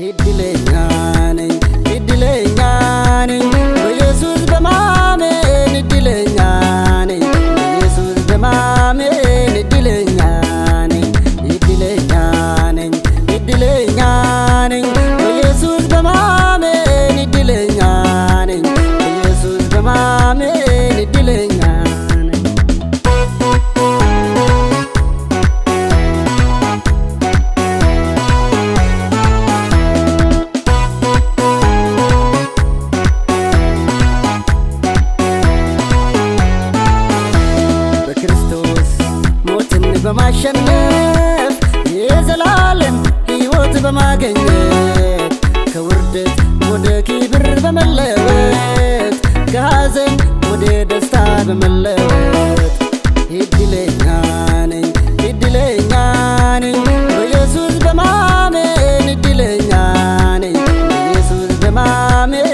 വീട്ടിലെ ഞാൻ በማሸነፍ የዘላለም ሕይወት በማገኘት ከውርደት ወደ ክብር በመለወጥ ከሐዘን ወደ ደስታ በመለወጥ እድለኛ ነኝ እድለኛ ነኝ በኢየሱስ በማመን እድለኛ ነኝ በኢየሱስ በማመን